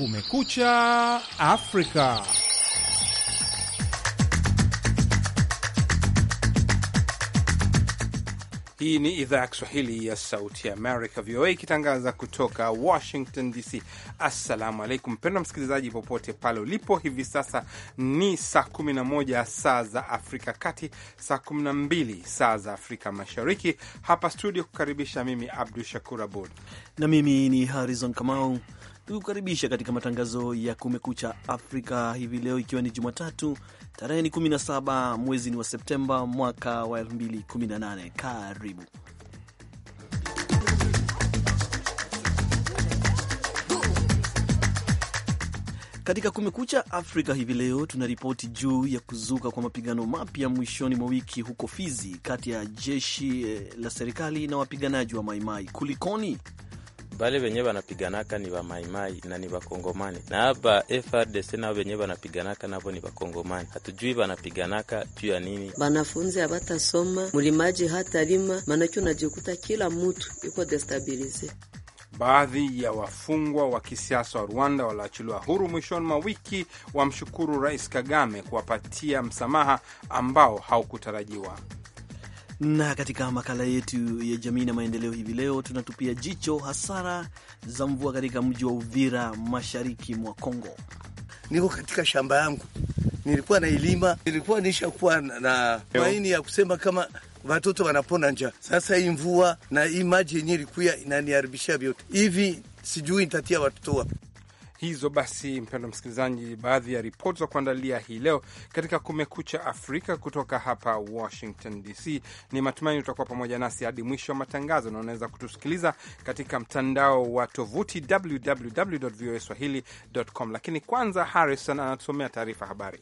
Kumekucha Afrika. Hii ni idhaa ya Kiswahili ya Sauti ya Amerika, VOA, ikitangaza kutoka Washington DC. Assalamu alaikum, mpendwa msikilizaji, popote pale ulipo hivi sasa. Ni saa 11 saa za Afrika Kati, saa 12 saa za Afrika Mashariki. Hapa studio kukaribisha mimi Abdu Shakur Abud na mimi ni Harrison Kamau tukikukaribisha katika matangazo ya Kumekucha Afrika hivi leo, ikiwa ni Jumatatu tarehe ni 17 mwezi ni wa Septemba mwaka wa 2018. Karibu katika Kumekucha Afrika hivi leo tuna ripoti juu ya kuzuka kwa mapigano mapya mwishoni mwa wiki huko Fizi, kati ya jeshi eh, la serikali na wapiganaji wa Maimai. Kulikoni? bale venye vanapiganaka ni vamaimai na ni vakongomani, na hapa FRDC nao venye vanapiganaka navo ni vakongomani. Hatujui vanapiganaka juu ya nini. Vanafunzi havatasoma, mulimaji hatalima, manake unajikuta kila mutu iko destabilize. Baadhi ya wafungwa wa kisiasa wa Rwanda walioachiliwa huru mwishoni mwa wiki wamshukuru Rais Kagame kuwapatia msamaha ambao haukutarajiwa. Na katika makala yetu ya jamii na maendeleo hivi leo tunatupia jicho hasara za mvua katika mji wa Uvira, mashariki mwa Kongo. Niko katika shamba yangu, nilikuwa na ilima nilikuwa nishakuwa na maini ya kusema kama watoto wanapona njaa. Sasa hii mvua na hii maji yenyewe ilikuya inaniharibishia vyote hivi, sijui nitatia watoto wapi hizo basi, mpendo msikilizaji, baadhi ya ripoti za kuandalia hii leo katika Kumekucha Afrika kutoka hapa Washington DC. Ni matumaini utakuwa pamoja nasi hadi mwisho wa matangazo, na unaweza kutusikiliza katika mtandao wa tovuti www voa swahili com. Lakini kwanza, Harrison anatusomea taarifa habari.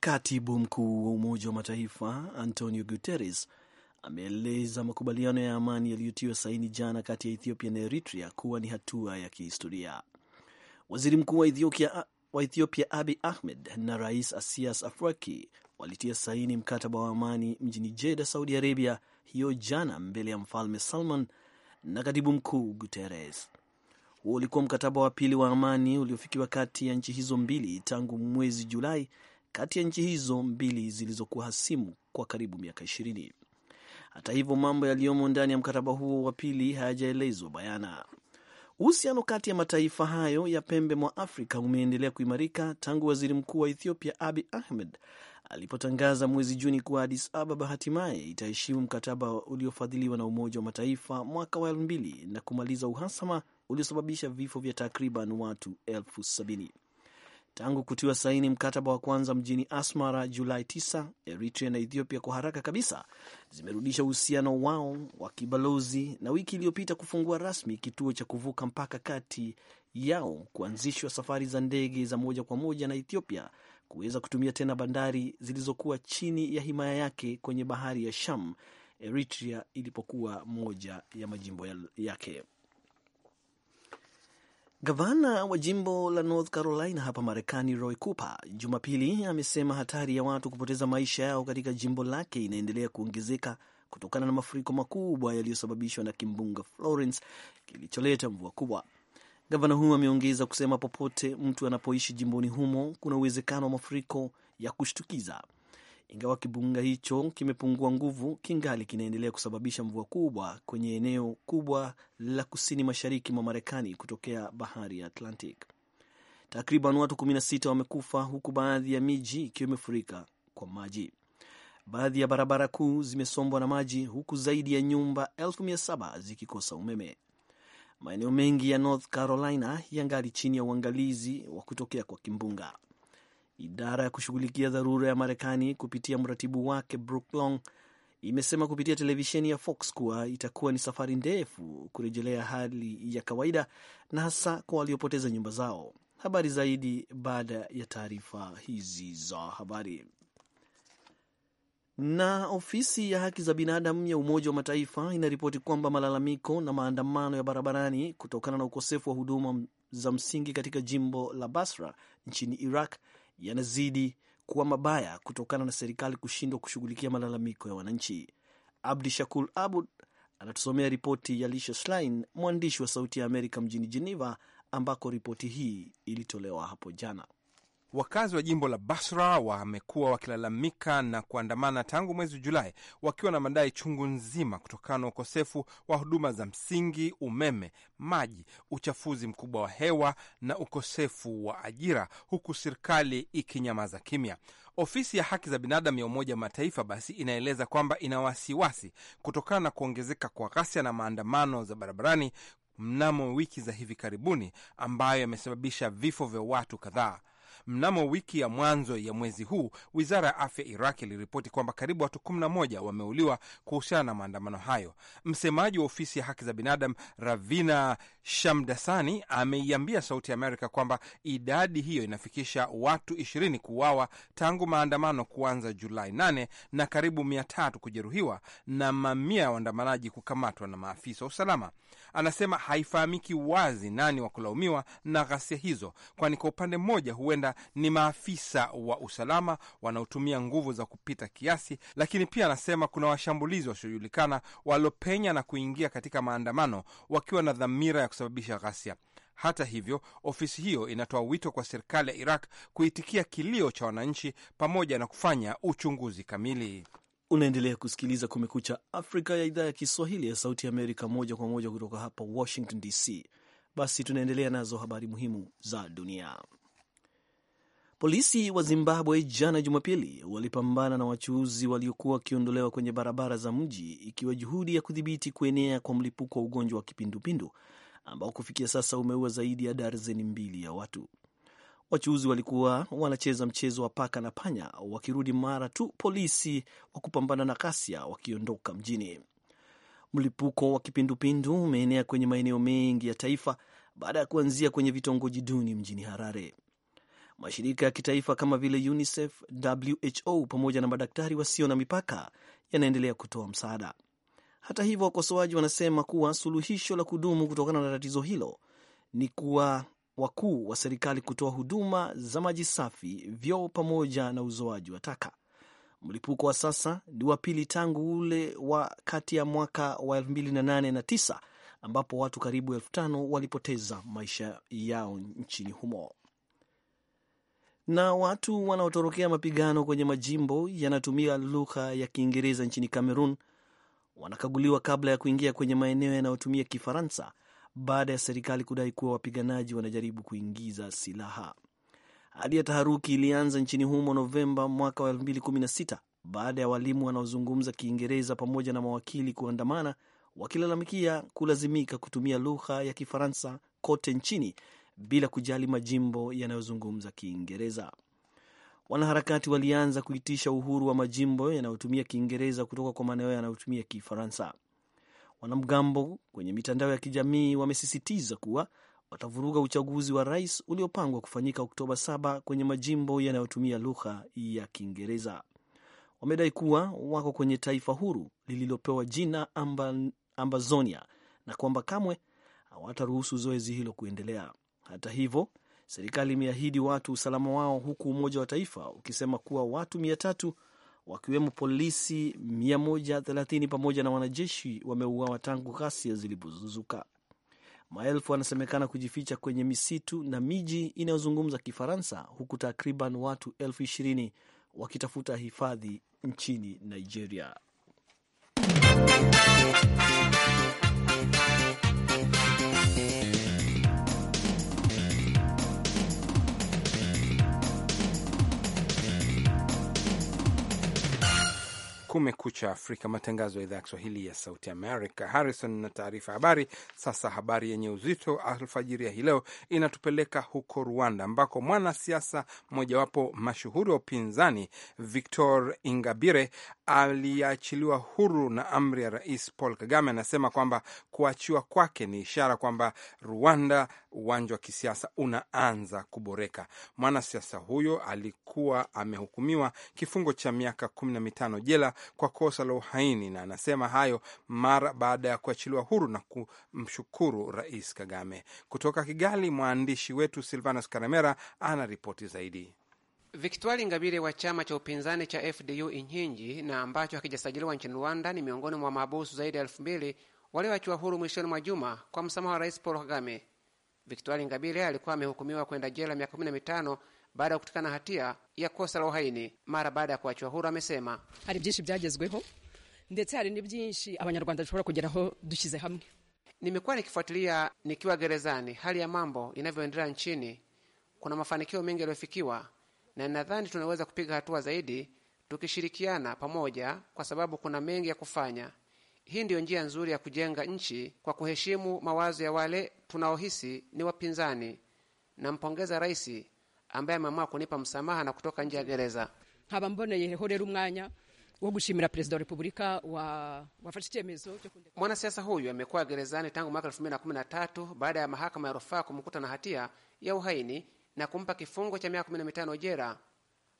Katibu mkuu wa Umoja wa Mataifa Antonio Guterres ameeleza makubaliano ya amani yaliyotiwa saini jana kati ya Ethiopia na Eritrea kuwa ni hatua ya kihistoria. Waziri mkuu wa Ethiopia, wa Ethiopia Abi Ahmed na Rais Asias Afwerki walitia saini mkataba wa amani mjini Jeda, Saudi Arabia hiyo jana mbele ya Mfalme Salman na katibu mkuu Guterres. Huo ulikuwa mkataba wa pili wa amani uliofikiwa kati ya nchi hizo mbili tangu mwezi Julai kati ya nchi hizo mbili zilizokuwa hasimu kwa karibu miaka ishirini. Hata hivyo, mambo yaliyomo ndani ya mkataba huo wa pili hayajaelezwa bayana. Uhusiano kati ya mataifa hayo ya pembe mwa Afrika umeendelea kuimarika tangu waziri mkuu wa Ethiopia Abi Ahmed alipotangaza mwezi Juni kuwa Addis Ababa hatimaye itaheshimu mkataba uliofadhiliwa na Umoja wa Mataifa mwaka wa elfu mbili na kumaliza uhasama uliosababisha vifo vya takriban watu elfu sabini. Tangu kutiwa saini mkataba wa kwanza mjini Asmara Julai 9, Eritrea na Ethiopia kwa haraka kabisa zimerudisha uhusiano wao wa kibalozi na wiki iliyopita kufungua rasmi kituo cha kuvuka mpaka kati yao, kuanzishwa safari za ndege za moja kwa moja na Ethiopia kuweza kutumia tena bandari zilizokuwa chini ya himaya yake kwenye bahari ya Sham, Eritrea ilipokuwa moja ya majimbo yake. Gavana wa jimbo la North Carolina hapa Marekani, Roy Cooper, Jumapili amesema hatari ya watu kupoteza maisha yao katika jimbo lake inaendelea kuongezeka kutokana na mafuriko makubwa yaliyosababishwa na kimbunga Florence kilicholeta mvua kubwa. Gavana huyo ameongeza kusema popote mtu anapoishi jimboni humo kuna uwezekano wa mafuriko ya kushtukiza ingawa kibunga hicho kimepungua nguvu, kingali kinaendelea kusababisha mvua kubwa kwenye eneo kubwa la kusini mashariki mwa Marekani kutokea bahari ya Atlantic. Takriban watu 16 wamekufa huku baadhi ya miji ikiwa imefurika kwa maji. Baadhi ya barabara kuu zimesombwa na maji huku zaidi ya nyumba 1700 zikikosa umeme. Maeneo mengi ya North Carolina yangali chini ya uangalizi wa kutokea kwa kimbunga. Idara ya kushughulikia dharura ya Marekani kupitia mratibu wake Brook Long imesema kupitia televisheni ya Fox kuwa itakuwa ni safari ndefu kurejelea hali ya kawaida na hasa kwa waliopoteza nyumba zao. Habari zaidi baada ya taarifa hizi za habari. Na ofisi ya haki za binadamu ya Umoja wa Mataifa inaripoti kwamba malalamiko na maandamano ya barabarani kutokana na ukosefu wa huduma za msingi katika jimbo la Basra nchini Iraq yanazidi kuwa mabaya kutokana na serikali kushindwa kushughulikia malalamiko ya wananchi. Abdi Shakur Abud anatusomea ripoti ya Lisha Schlein, mwandishi wa Sauti ya Amerika mjini Geneva, ambako ripoti hii ilitolewa hapo jana. Wakazi wa jimbo la Basra wamekuwa wakilalamika na kuandamana tangu mwezi Julai wakiwa na madai chungu nzima kutokana na ukosefu wa huduma za msingi, umeme, maji, uchafuzi mkubwa wa hewa na ukosefu wa ajira, huku serikali ikinyamaza kimya. Ofisi ya haki za binadamu ya Umoja wa Mataifa basi inaeleza kwamba ina wasiwasi kutokana na kuongezeka kwa ghasia na maandamano za barabarani mnamo wiki za hivi karibuni, ambayo yamesababisha vifo vya watu kadhaa. Mnamo wiki ya mwanzo ya mwezi huu, wizara ya afya Iraq iliripoti kwamba karibu watu 11 wameuliwa kuhusiana na maandamano hayo. Msemaji wa ofisi ya haki za binadamu Ravina Shamdasani ameiambia Sauti ya Amerika kwamba idadi hiyo inafikisha watu 20 kuuawa tangu maandamano kuanza Julai 8 na karibu 300 kujeruhiwa na mamia ya waandamanaji kukamatwa na maafisa wa usalama anasema haifahamiki wazi nani wa kulaumiwa na ghasia hizo, kwani kwa upande mmoja huenda ni maafisa wa usalama wanaotumia nguvu za kupita kiasi, lakini pia anasema kuna washambulizi wasiojulikana waliopenya na kuingia katika maandamano wakiwa na dhamira ya kusababisha ghasia. Hata hivyo, ofisi hiyo inatoa wito kwa serikali ya Iraq kuitikia kilio cha wananchi pamoja na kufanya uchunguzi kamili. Unaendelea kusikiliza Kumekucha Afrika ya idhaa ya Kiswahili ya Sauti Amerika, moja kwa moja kutoka hapa Washington DC. Basi tunaendelea nazo habari muhimu za dunia. Polisi wa Zimbabwe jana Jumapili walipambana na wachuuzi waliokuwa wakiondolewa kwenye barabara za mji, ikiwa juhudi ya kudhibiti kuenea kwa mlipuko wa ugonjwa wa kipindupindu ambao kufikia sasa umeua zaidi ya darzeni mbili ya watu. Wachuuzi walikuwa wanacheza mchezo wa paka na panya, wakirudi mara tu polisi wa kupambana na ghasia wakiondoka mjini. Mlipuko wa kipindupindu umeenea kwenye maeneo mengi ya taifa baada ya kuanzia kwenye vitongoji duni mjini Harare. Mashirika ya kitaifa kama vile UNICEF, WHO pamoja na madaktari wasio na mipaka yanaendelea kutoa msaada. Hata hivyo, wakosoaji wanasema kuwa suluhisho la kudumu kutokana na tatizo hilo ni kuwa wakuu wa serikali kutoa huduma za maji safi, vyoo pamoja na uzoaji wa taka. Mlipuko wa sasa ni wa pili tangu ule wa kati ya mwaka wa 2008 na 9 ambapo watu karibu elfu tano walipoteza maisha yao nchini humo. Na watu wanaotorokea mapigano kwenye majimbo yanatumia lugha ya Kiingereza nchini Cameroon wanakaguliwa kabla ya kuingia kwenye maeneo yanayotumia Kifaransa baada ya serikali kudai kuwa wapiganaji wanajaribu kuingiza silaha. Hali ya taharuki ilianza nchini humo Novemba mwaka wa 2016 baada ya walimu wanaozungumza Kiingereza pamoja na mawakili kuandamana wakilalamikia kulazimika kutumia lugha ya Kifaransa kote nchini bila kujali majimbo yanayozungumza Kiingereza. Wanaharakati walianza kuitisha uhuru wa majimbo yanayotumia Kiingereza kutoka kwa maeneo yanayotumia Kifaransa. Wanamgambo kwenye mitandao ya kijamii wamesisitiza kuwa watavuruga uchaguzi wa rais uliopangwa kufanyika Oktoba 7 kwenye majimbo yanayotumia lugha ya Kiingereza. Wamedai kuwa wako kwenye taifa huru lililopewa jina Ambazonia na kwamba kamwe hawataruhusu zoezi hilo kuendelea. Hata hivyo, serikali imeahidi watu usalama wao, huku Umoja wa Taifa ukisema kuwa watu mia tatu wakiwemo polisi 130 pamoja na wanajeshi wameuawa tangu ghasia zilipozuzuka. Maelfu wanasemekana kujificha kwenye misitu na miji inayozungumza Kifaransa, huku takriban watu elfu ishirini wakitafuta hifadhi nchini Nigeria. Kumekucha Afrika, matangazo ya idhaa ya Kiswahili ya Sauti Amerika. Harrison na taarifa habari. Sasa habari yenye uzito alfajiri ya hii leo inatupeleka huko Rwanda, ambako mwanasiasa mmojawapo mashuhuri wa upinzani Victor Ingabire aliachiliwa huru na amri ya Rais Paul Kagame. Anasema kwamba kuachiwa kwake ni ishara kwamba Rwanda, uwanja wa kisiasa unaanza kuboreka. Mwanasiasa huyo alikuwa amehukumiwa kifungo cha miaka kumi na mitano jela kwa kosa la uhaini, na anasema hayo mara baada ya kuachiliwa huru na kumshukuru Rais Kagame. Kutoka Kigali, mwandishi wetu Silvanus Karemera ana ripoti zaidi. Victoire Ngabire wa chama cha upinzani cha FDU inkingi na ambacho hakijasajiliwa nchini Rwanda ni miongoni mwa mahabusu zaidi ya elfu mbili walioachiwa huru mwishoni mwa juma kwa msamaha wa Rais Paul Kagame. Victoire Ngabire alikuwa amehukumiwa kwenda jela miaka 15 baada ya kutikana hatia ya kosa la uhaini. Mara baada ya kuachiwa huru, amesema hari byinshi byagezweho ndetse hari ni byinshi abanyarwanda dushobora kugeraho dushyize hamwe. Nimekuwa nikifuatilia nikiwa gerezani hali ya mambo inavyoendelea nchini. Kuna mafanikio mengi yaliyofikiwa na nadhani tunaweza kupiga hatua zaidi tukishirikiana pamoja, kwa sababu kuna mengi ya kufanya. Hii ndiyo njia nzuri ya kujenga nchi kwa kuheshimu mawazo ya wale tunaohisi ni wapinzani. Nampongeza rais ambaye ameamua kunipa msamaha na kutoka nje ya gereza. nkaba mboneyeho rero umwanya wo gushimira perezida wa repubulika wafashe icyemezo cyo kundeka. Mwanasiasa huyu amekuwa gerezani tangu mwaka elfu na kumi na tatu baada ya mahakama ya rufaa kumkuta na hatia ya uhaini na kumpa kifungo cha miaka mitano jera.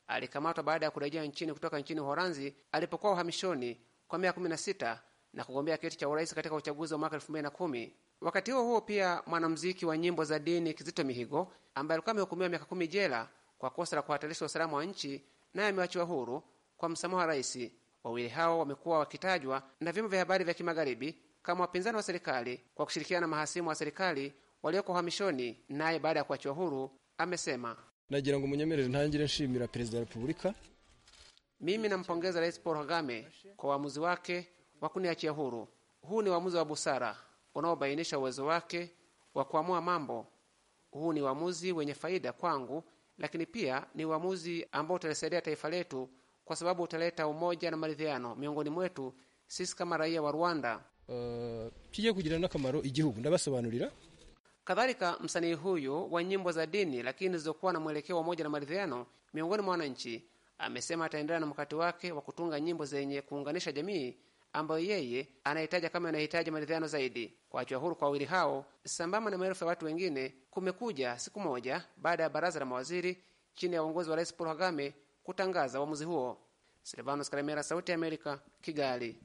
Alikamatwa baada ya kurejea nchini kutoka nchini Uholanzi alipokuwa uhamishoni kwa miaka 16 na kugombea kiti cha urais katika uchaguzi wa mwaka kumi. Wakati huo huo, pia mwanamuziki wa nyimbo za dini Kizito Mihigo ambaye alikuwa amehukumiwa miaka kumi jela kwa kosa la kuhatarisha usalama wa nchi, naye amewachiwa huru kwa msamaha wa rais. Wawili hao wamekuwa wakitajwa na vyombo vya habari vya kimagharibi kama wapinzani wa serikali kwa kushirikiana na mahasimu wa serikali walioko uhamishoni, naye baada ya kuachiwa huru amesema, nagira ngo munyemerere ntangire nshimira Perezida wa Republika. Mimi nampongeza Rais Paul Kagame kwa uamuzi wake wa kuniachia huru. Huu ni uamuzi wa busara unaobainisha uwezo wake wa kuamua mambo. Huu ni uamuzi wenye faida kwangu, lakini pia ni uamuzi ambao utalisaidia taifa letu, kwa sababu utaleta umoja na maridhiano miongoni mwetu sisi kama raia wa Rwanda. Uh, kije kugirana kamaro igihugu ndabasobanurira Kadhalika, msanii huyu wa nyimbo za dini lakini zilizokuwa na mwelekeo wa moja na maridhiano miongoni mwa wananchi amesema ataendelea na mkakati wake wa kutunga nyimbo zenye kuunganisha jamii ambayo yeye anahitaja kama anahitaji maridhiano zaidi. Kuachiwa huru kwa wawili hao sambamba na maelfu ya watu wengine kumekuja siku moja baada ya baraza la mawaziri chini ya uongozi wa Rais Paul Kagame kutangaza uamuzi huo. Silvanos Karemera, Sauti ya Amerika, Kigali.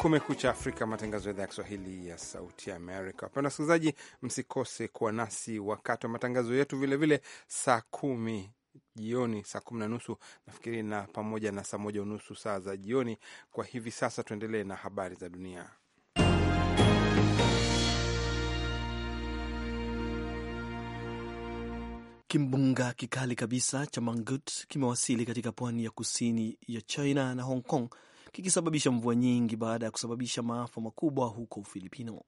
Kumekucha Afrika, matangazo ya idhaa ya Kiswahili ya Sauti ya Amerika. Wapenda wasikilizaji, msikose kuwa nasi wakati wa matangazo yetu vilevile vile, saa kumi jioni saa kumi na nusu nafikiri na pamoja na saa moja unusu saa za jioni. Kwa hivi sasa tuendelee na habari za dunia. Kimbunga kikali kabisa cha Mangkhut kimewasili katika pwani ya kusini ya China na Hong Kong kikisababisha mvua nyingi baada ya kusababisha maafa makubwa huko Ufilipino.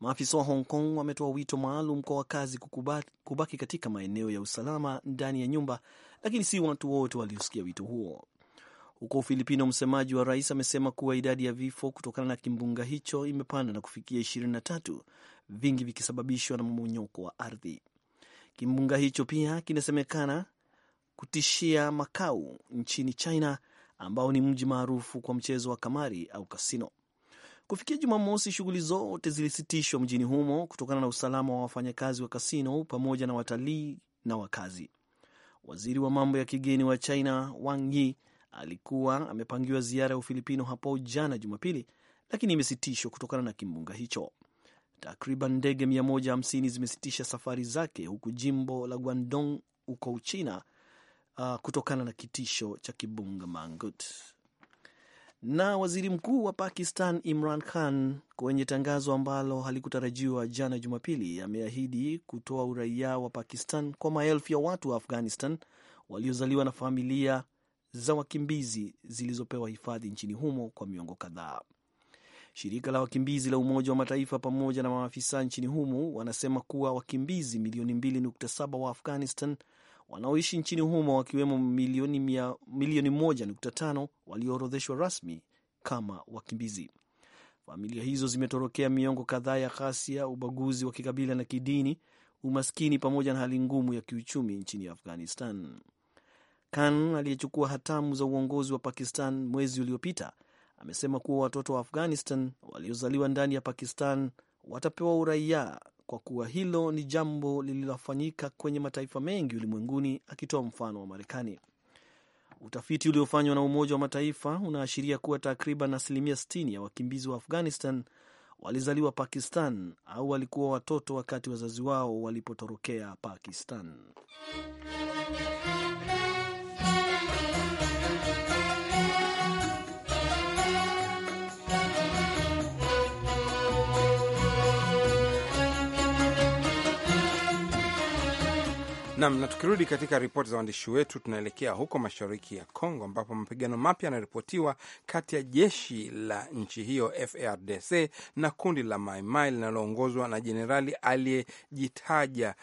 Maafisa wa Hong Kong wametoa wito maalum kwa wakazi kubaki katika maeneo ya usalama ndani ya nyumba, lakini si watu wote waliosikia wito huo. Huko Ufilipino, msemaji wa rais amesema kuwa idadi ya vifo kutokana na kimbunga hicho imepanda na kufikia tatu vingi vikisababishwa na mmonyoko wa ardhi. Kimbunga hicho pia kinasemekana kutishia Makau nchini China ambao ni mji maarufu kwa mchezo wa kamari au kasino. Kufikia Jumamosi, shughuli zote zilisitishwa mjini humo kutokana na usalama wa wafanyakazi wa kasino pamoja na watalii na wakazi. Waziri wa mambo ya kigeni wa China Wang Yi alikuwa amepangiwa ziara ya Ufilipino hapo jana Jumapili, lakini imesitishwa kutokana na kimbunga hicho. Takriban ndege 150 zimesitisha safari zake huku jimbo la Guangdong huko Uchina uh, kutokana na kitisho cha kibunga Mangut. Na waziri mkuu wa Pakistan Imran Khan kwenye tangazo ambalo halikutarajiwa jana Jumapili, ameahidi kutoa uraia wa Pakistan kwa maelfu ya watu wa Afghanistan waliozaliwa na familia za wakimbizi zilizopewa hifadhi nchini humo kwa miongo kadhaa. Shirika la wakimbizi la Umoja wa Mataifa pamoja na maafisa nchini humo wanasema kuwa wakimbizi milioni 2.7 wa Afghanistan wanaoishi nchini humo wakiwemo milioni 1.5 walioorodheshwa rasmi kama wakimbizi. Familia hizo zimetorokea miongo kadhaa ya ghasia, ubaguzi wa kikabila na kidini, umaskini pamoja na hali ngumu ya kiuchumi nchini Afghanistan. Khan aliyechukua hatamu za uongozi wa Pakistan mwezi uliopita amesema kuwa watoto wa Afghanistan waliozaliwa ndani ya Pakistan watapewa uraia kwa kuwa hilo ni jambo lililofanyika kwenye mataifa mengi ulimwenguni, akitoa mfano wa Marekani. Utafiti uliofanywa na Umoja wa Mataifa unaashiria kuwa takriban asilimia 60 ya wakimbizi wa Afghanistan walizaliwa Pakistan au walikuwa watoto wakati wazazi wao walipotorokea Pakistan. Nam, na tukirudi katika ripoti za waandishi wetu, tunaelekea huko mashariki ya Kongo ambapo mapigano mapya yanaripotiwa kati ya jeshi la nchi hiyo FARDC na kundi la Maimai linaloongozwa na jenerali aliyejitaja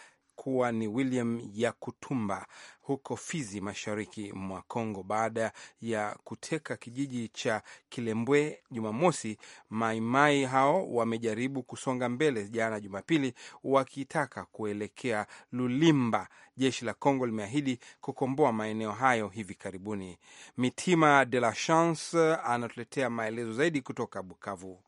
kuwa ni William Yakutumba huko Fizi, mashariki mwa Kongo, baada ya kuteka kijiji cha Kilembwe Jumamosi. Maimai hao wamejaribu kusonga mbele jana Jumapili wakitaka kuelekea Lulimba. Jeshi la Kongo limeahidi kukomboa maeneo hayo hivi karibuni. Mitima de la Chance anatuletea maelezo zaidi kutoka Bukavu.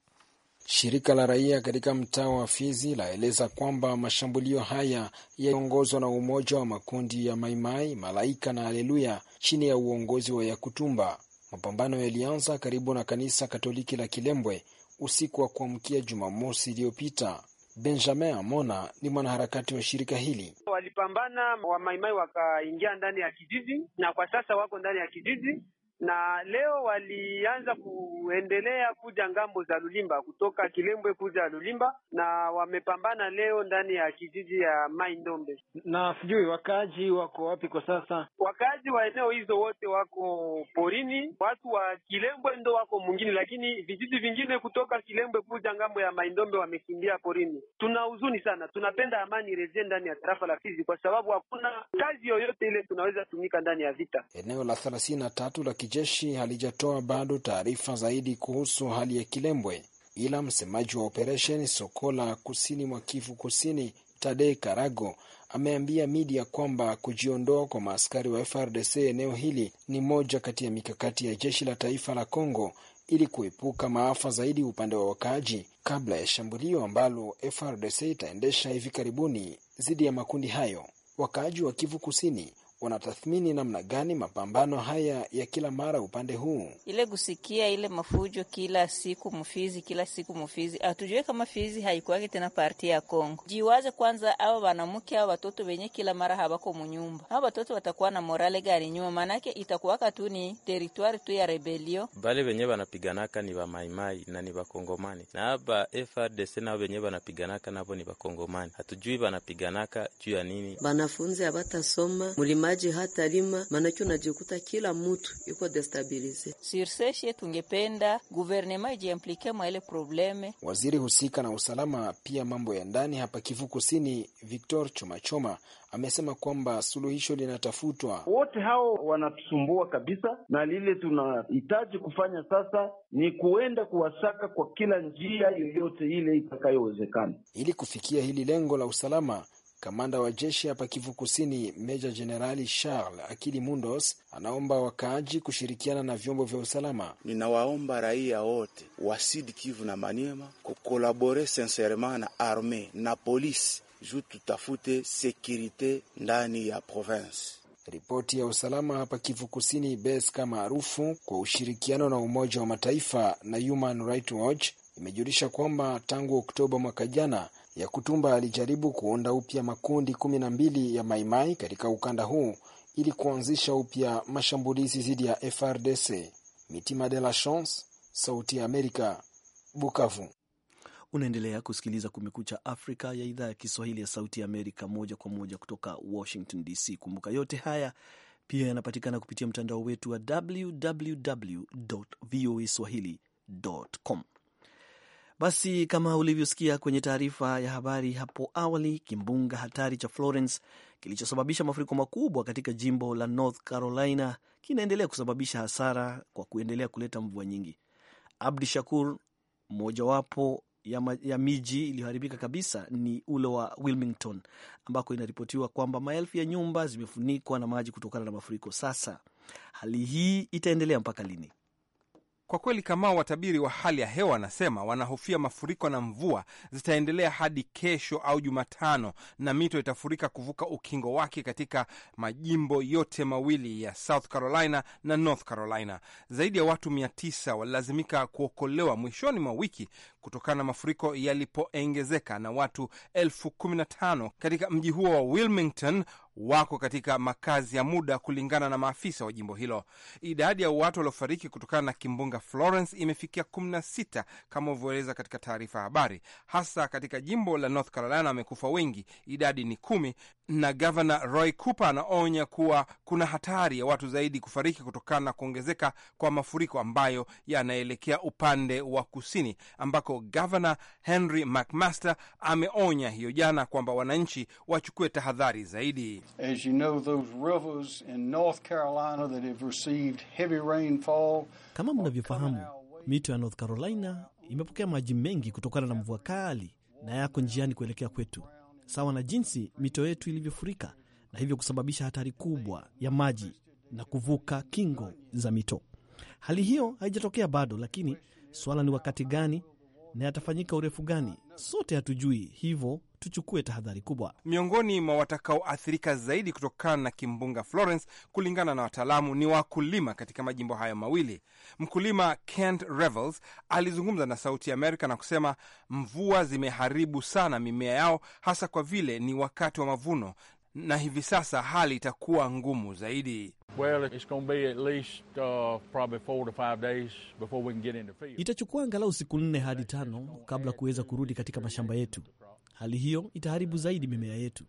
Shirika la raia katika mtaa wa Fizi laeleza kwamba mashambulio haya yaliongozwa na umoja wa makundi ya Maimai, Malaika na Haleluya chini ya uongozi wa Yakutumba. Mapambano yalianza karibu na kanisa Katoliki la Kilembwe usiku wa kuamkia Jumamosi iliyopita. Benjamin Amona ni mwanaharakati wa shirika hili. Walipambana, Wamaimai wakaingia ndani ya kijiji na kwa sasa wako ndani ya kijiji na leo walianza kuendelea kuja ngambo za Lulimba kutoka Kilembwe kuja Lulimba, na wamepambana leo ndani ya kijiji ya Mai Ndombe. Na sijui wakaaji wako wapi kwa sasa? Wakaaji wa eneo hizo wote wako porini, watu wa Kilembwe ndo wako mwingine, lakini vijiji vingine kutoka Kilembwe kuja ngambo ya Mai Ndombe wamekimbia porini. Tuna huzuni sana, tunapenda amani rejee ndani ya tarafa la Fizi kwa sababu hakuna kazi yoyote ile tunaweza tumika ndani ya vita. Eneo la thelathini na tatu la kijeshi halijatoa bado taarifa zaidi kuhusu hali ya Kilembwe, ila msemaji wa operesheni Sokola kusini mwa Kivu Kusini, tade Karago, ameambia midia kwamba kujiondoa kwa maaskari wa FRDC eneo hili ni moja kati ya mikakati ya jeshi la taifa la congo ili kuepuka maafa zaidi upande wa wakaaji kabla ya shambulio ambalo FRDC itaendesha hivi karibuni dhidi ya makundi hayo. Wakaaji wa Kivu Kusini wanatathmini namna gani mapambano haya ya kila mara upande huu, ile kusikia ile mafujo kila siku mfizi, kila siku mfizi, hatujue ah, kama Fizi haikuwake tena parti ya Kongo. Jiwaze kwanza awa wanamke awa watoto wenye kila mara habako munyumba, awa watoto watakuwa na morale gari nyuma, manake itakuwaka tu ni teritwari tu ya rebelio. Bale wenye wanapiganaka ni wamaimai na ni wakongomani na aba FRDC nao wenye wanapiganaka navo ni wakongomani, hatujui wanapiganaka juu ya nini. Banafunzi abatasoma mulima maji hata lima, maanake unajikuta kila mtu iko destabilize Sirseshe, Tungependa guvernema ijiamplike mwa ile probleme. Waziri husika na usalama pia mambo ya ndani hapa Kivu Kusini, Victor Chomachoma amesema kwamba suluhisho linatafutwa. Wote hao wanatusumbua kabisa, na lile tunahitaji kufanya sasa ni kuenda kuwasaka kwa kila njia yoyote ile itakayowezekana, ili kufikia hili lengo la usalama. Kamanda wa jeshi hapa Kivu Kusini, Meja Jenerali Charles Akili Mundos, anaomba wakaaji kushirikiana na vyombo vya usalama. Ninawaomba raia wote wa Sud Kivu na Maniema kukolabore sincerement na arme na polisi juu tutafute sekirite ndani ya province. Ripoti ya usalama hapa Kivu Kusini Beska maarufu kwa ushirikiano na Umoja wa Mataifa na Human Rights Watch imejulisha kwamba tangu Oktoba mwaka jana ya kutumba alijaribu kuunda upya makundi kumi na mbili ya Maimai katika ukanda huu ili kuanzisha upya mashambulizi dhidi ya FRDC. Mitima de la Chance, Sauti ya Amerika, Bukavu. Unaendelea kusikiliza Kumekucha Afrika ya idhaa ya Kiswahili ya Sauti ya Amerika, moja kwa moja kutoka Washington DC. Kumbuka yote haya pia yanapatikana kupitia mtandao wetu wa www voa swahili com. Basi kama ulivyosikia kwenye taarifa ya habari hapo awali, kimbunga hatari cha Florence kilichosababisha mafuriko makubwa katika jimbo la North Carolina kinaendelea kusababisha hasara kwa kuendelea kuleta mvua nyingi. Abdi Shakur, mojawapo ya, ya miji iliyoharibika kabisa ni ule wa Wilmington ambako inaripotiwa kwamba maelfu ya nyumba zimefunikwa na maji kutokana na mafuriko. Sasa hali hii itaendelea mpaka lini? Kwa kweli kama watabiri wa hali ya hewa wanasema, wanahofia mafuriko na mvua zitaendelea hadi kesho au Jumatano, na mito itafurika kuvuka ukingo wake katika majimbo yote mawili ya South Carolina na North Carolina. Zaidi ya watu mia tisa walilazimika kuokolewa mwishoni mwa wiki kutokana na mafuriko yalipoengezeka na watu elfu kumi na tano katika mji huo wa Wilmington wako katika makazi ya muda, kulingana na maafisa wa jimbo hilo. Idadi ya watu waliofariki kutokana na kimbunga Florence imefikia 16 kama ulivyoeleza katika taarifa ya habari. Hasa katika jimbo la North Carolina wamekufa wengi, idadi ni kumi, na gavana Roy Cooper anaonya kuwa kuna hatari ya watu zaidi kufariki kutokana na kuongezeka kwa mafuriko ambayo yanaelekea upande wa kusini, ambako gavana Henry McMaster ameonya hiyo jana kwamba wananchi wachukue tahadhari zaidi. As you know, those rivers in North Carolina that have received heavy rainfall, kama mnavyofahamu mito ya North Carolina imepokea maji mengi kutokana na mvua kali na yako njiani kuelekea kwetu sawa na jinsi mito yetu ilivyofurika na hivyo kusababisha hatari kubwa ya maji na kuvuka kingo za mito. Hali hiyo haijatokea bado, lakini swala ni wakati gani na yatafanyika urefu gani, sote hatujui. Hivyo tuchukue tahadhari kubwa. Miongoni mwa watakaoathirika zaidi kutokana na kimbunga Florence, kulingana na wataalamu, ni wakulima katika majimbo hayo mawili. Mkulima Kent Revels alizungumza na Sauti ya Amerika na kusema mvua zimeharibu sana mimea yao, hasa kwa vile ni wakati wa mavuno na hivi sasa hali itakuwa ngumu zaidi. Well, uh, itachukua angalau siku nne hadi tano kabla kuweza kurudi katika mashamba yetu. Hali hiyo itaharibu zaidi mimea yetu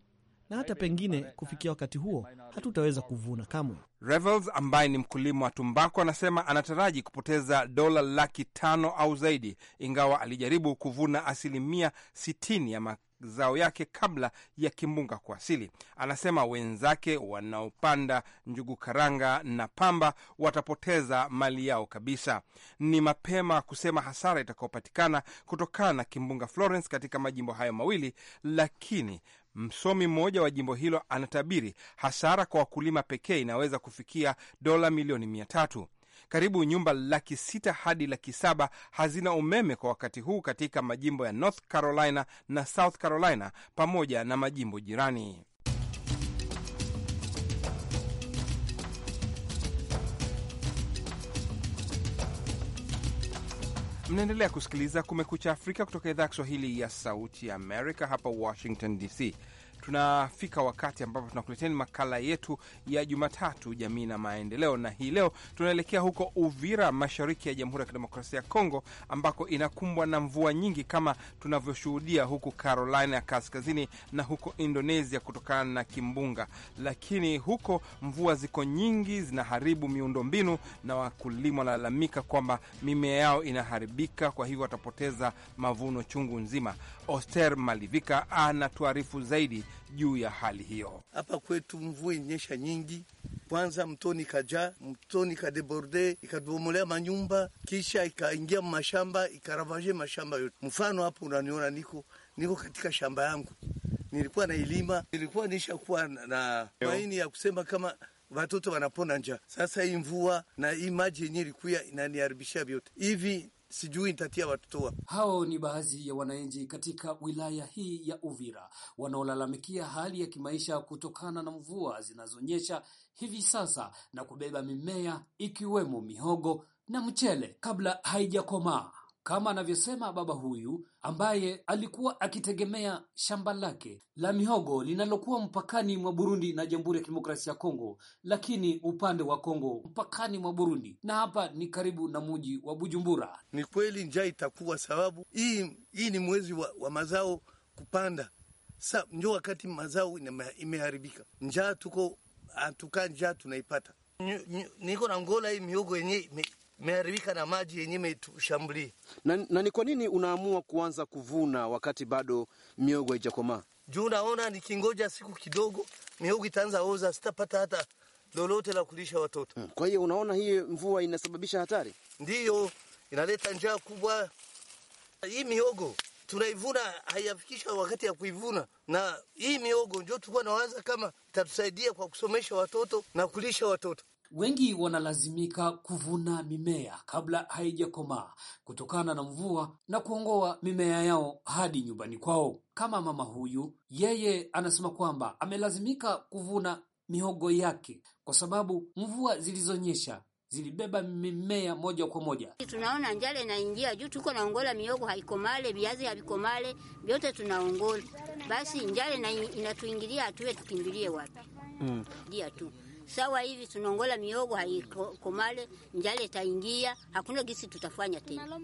na hata pengine kufikia wakati huo hatutaweza kuvuna kamwe. Revels ambaye ni mkulima wa tumbako anasema anataraji kupoteza dola laki tano au zaidi, ingawa alijaribu kuvuna asilimia 60 ya mazao yake kabla ya kimbunga kuwasili. Anasema wenzake wanaopanda njugu karanga na pamba watapoteza mali yao kabisa. Ni mapema kusema hasara itakayopatikana kutokana na kimbunga Florence katika majimbo hayo mawili, lakini msomi mmoja wa jimbo hilo anatabiri hasara kwa wakulima pekee inaweza kufikia dola milioni mia tatu karibu nyumba laki sita hadi laki saba hazina umeme kwa wakati huu katika majimbo ya North Carolina na South Carolina pamoja na majimbo jirani. Mnaendelea kusikiliza Kumekucha Afrika kutoka idhaa ya Kiswahili ya Sauti ya Amerika hapa Washington DC tunafika wakati ambapo tunakuleteni makala yetu ya Jumatatu, jamii na maendeleo, na hii leo tunaelekea huko Uvira, mashariki ya Jamhuri ya Kidemokrasia ya Kongo, ambako inakumbwa na mvua nyingi kama tunavyoshuhudia huku Carolina ya Kaskazini na huko Indonesia kutokana na kimbunga. Lakini huko mvua ziko nyingi, zinaharibu miundombinu na wakulima wanalalamika kwamba mimea yao inaharibika, kwa hivyo watapoteza mavuno chungu nzima. Oster Malivika anatuarifu zaidi juu ya hali hiyo. Hapa kwetu mvua inyesha nyingi, kwanza mtoni ikajaa, mtoni ikadeborde, ikatubomolea manyumba, kisha ikaingia mashamba, ikaravage mashamba yote. Mfano hapo unaniona niko niko katika shamba yangu, nilikuwa na ilima nilikuwa nishakuwa na maini ya kusema kama watoto wanapona njaa. Sasa hii mvua na hii maji yenye ilikuya inaniharibishia vyote hivi sijui nitatia watoto wapi. Hao ni baadhi ya wananchi katika wilaya hii ya Uvira wanaolalamikia hali ya kimaisha kutokana na mvua zinazonyesha hivi sasa na kubeba mimea ikiwemo mihogo na mchele kabla haijakomaa kama anavyosema baba huyu ambaye alikuwa akitegemea shamba lake la mihogo linalokuwa mpakani mwa Burundi na Jamhuri ya Kidemokrasia ya Kongo, lakini upande wa Kongo mpakani mwa Burundi, na hapa ni karibu na muji wa Bujumbura. Ni kweli njaa itakuwa sababu hii, hii ni mwezi wa, wa mazao kupanda. Sa njo wakati mazao imeharibika, njaa tuko atukaa njaa tunaipata. Niko na ngola hii mihogo yenyewe imeharibika na maji yenyewe imetushambulia. Na, na ni kwa nini unaamua kuanza kuvuna wakati bado miogo haijakomaa? Juu naona nikingoja siku kidogo miogo itaanza oza, sitapata hata lolote la kulisha watoto hmm. Kwa hiyo unaona hii mvua inasababisha hatari, ndiyo inaleta njaa kubwa. Hii miogo tunaivuna haijafikisha wakati ya kuivuna, na hii miogo ndio tulikuwa nawaza kama itatusaidia kwa kusomesha watoto na kulisha watoto. Wengi wanalazimika kuvuna mimea kabla haijakomaa kutokana na mvua na kuongoa mimea yao hadi nyumbani kwao. Kama mama huyu, yeye anasema kwamba amelazimika kuvuna mihogo yake kwa sababu mvua zilizonyesha zilibeba mimea moja kwa moja. Tunaona njale inaingia juu, tuko naongola miogo haikomale, viazi havikomale, vyote tunaongola. Basi njale inatuingilia, hatuwe tukimbilie wapi? mm. dia tu sawa hivi tunaongola miogo haikomale, njale itaingia, hakuna gisi tutafanya tena.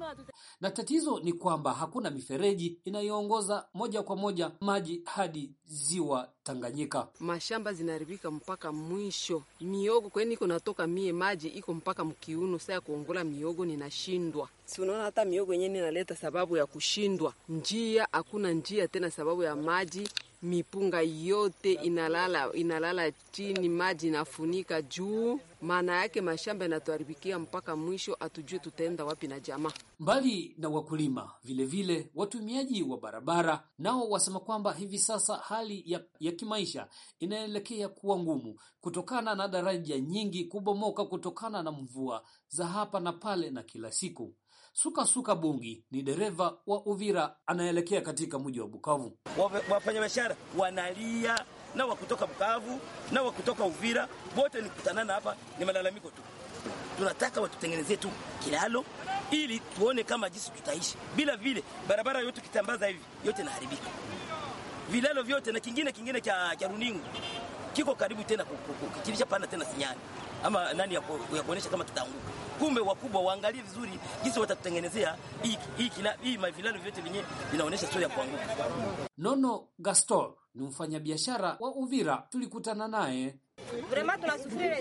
Na tatizo ni kwamba hakuna mifereji inayoongoza moja kwa moja maji hadi ziwa Tanganyika. Mashamba zinaharibika mpaka mwisho, miogo kweni iko natoka mie, maji iko mpaka mkiuno. Saa ya kuongola miogo ninashindwa, si unaona hata miogo yenyewe ninaleta sababu ya kushindwa njia, hakuna njia tena sababu ya maji mipunga yote inalala, inalala chini, maji inafunika juu. Maana yake mashamba yanatuharibikia mpaka mwisho, hatujue tutaenda wapi na jamaa. Mbali na wakulima, vilevile vile, watumiaji wa barabara nao wasema kwamba hivi sasa hali ya, ya kimaisha inaelekea kuwa ngumu kutokana na daraja nyingi kubomoka kutokana na mvua za hapa na pale na kila siku. Sukasuka Bungi ni dereva wa Uvira anaelekea katika mji wa Bukavu. Wafanyabiashara wanalia na wakutoka Bukavu na wakutoka Uvira wote nikutanana hapa, ni malalamiko tu. Tunataka watutengenezee tu kilalo ili tuone kama jinsi tutaishi bila vile. Barabara yote kitambaza hivi yote naharibika, vilalo vyote na kingine kingine cha runingu kiko karibu tena kilisha pana tena sinyani ama nani ya, kuonesha kama tutaanguka. Kumbe wakubwa waangalie vizuri jinsi watakutengenezea hii hii hii mavilano vyote vyenye vinaonesha stori ya kuanguka. Nono Gastor ni mfanyabiashara wa Uvira, tulikutana naye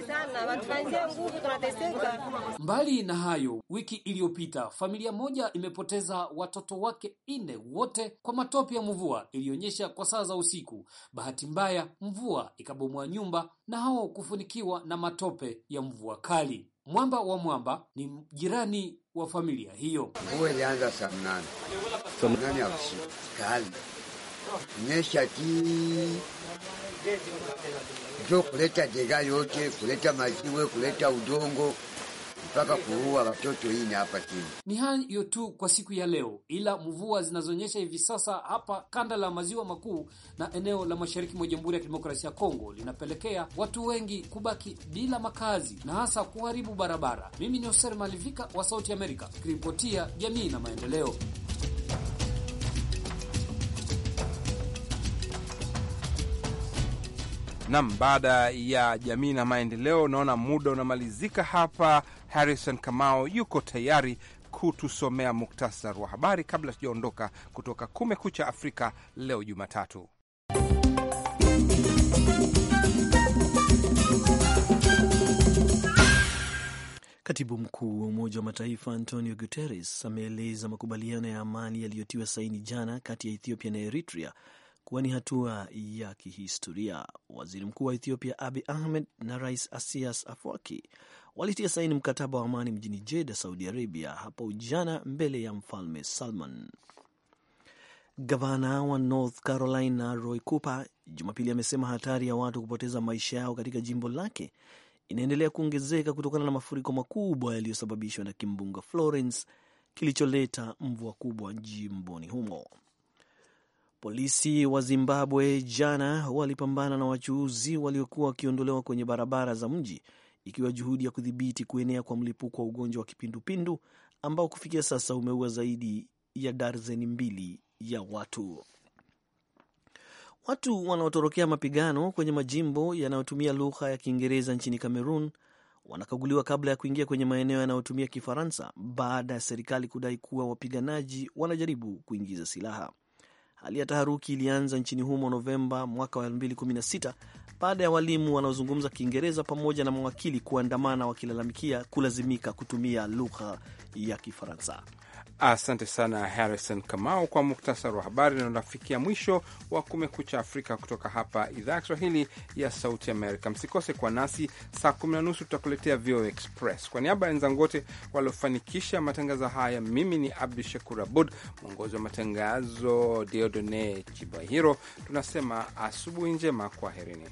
sana, nguvu, tunateseka. Mbali na hayo, wiki iliyopita familia moja imepoteza watoto wake nne wote kwa matope ya mvua iliyoonyesha kwa saa za usiku. Bahati mbaya, mvua ikabomoa nyumba na hao kufunikiwa na matope ya mvua kali. Mwamba wa Mwamba ni jirani wa familia hiyo. Mvua ilianza saa mnane saa mnane ya usiku kali, nyesha ti njo kuleta jega yote, kuleta maziwe, kuleta udongo mpaka kuua watoto ini hapa chini. Ni hayo tu kwa siku ya leo, ila mvua zinazonyesha hivi sasa hapa kanda la maziwa makuu na eneo la mashariki mwa Jamhuri ya Kidemokrasia ya Kongo linapelekea watu wengi kubaki bila makazi na hasa kuharibu barabara. Mimi ni Hoser Malivika wa Sauti Amerika, kiripotia jamii na maendeleo. Nam, baada ya jamii na maendeleo, unaona muda unamalizika hapa. Harrison Kamao yuko tayari kutusomea muktasar wa habari kabla tujaondoka kutoka Kumekucha Afrika leo Jumatatu. Katibu mkuu wa Umoja wa Mataifa Antonio Guterres ameeleza makubaliano ya amani yaliyotiwa saini jana kati ya Ethiopia na Eritrea kuwa ni hatua ya kihistoria. Waziri Mkuu wa Ethiopia Abi Ahmed na Rais Asias Afwerki walitia saini mkataba wa amani mjini Jeda, Saudi Arabia hapo jana mbele ya Mfalme Salman. Gavana wa North Carolina Roy Cooper Jumapili amesema hatari ya watu kupoteza maisha yao katika jimbo lake inaendelea kuongezeka kutokana na mafuriko makubwa yaliyosababishwa na kimbunga Florence kilicholeta mvua kubwa jimboni humo. Polisi wa Zimbabwe jana walipambana na wachuuzi waliokuwa wakiondolewa kwenye barabara za mji ikiwa juhudi ya kudhibiti kuenea kwa mlipuko wa ugonjwa wa kipindupindu ambao kufikia sasa umeua zaidi ya darzeni mbili ya watu. Watu wanaotorokea mapigano kwenye majimbo yanayotumia lugha ya Kiingereza nchini cameron wanakaguliwa kabla ya kuingia kwenye maeneo yanayotumia Kifaransa baada ya serikali kudai kuwa wapiganaji wanajaribu kuingiza silaha. Hali ya taharuki ilianza nchini humo Novemba mwaka wa 2016 baada ya walimu wanaozungumza Kiingereza pamoja na mawakili kuandamana wakilalamikia kulazimika kutumia lugha ya Kifaransa. Asante sana Harrison Kamau kwa muktasari wa habari, na unafikia mwisho wa Kumekucha Afrika kutoka hapa idhaa ya Kiswahili ya Sauti Amerika. Msikose kwa nasi saa kumi na nusu tutakuletea VOA Express. Kwa niaba ya wenzangu wote waliofanikisha matangazo haya, mimi ni Abdu Shakur Abud, mwongozi wa matangazo Deodone Chibahiro. Tunasema asubuhi njema, kwaherini.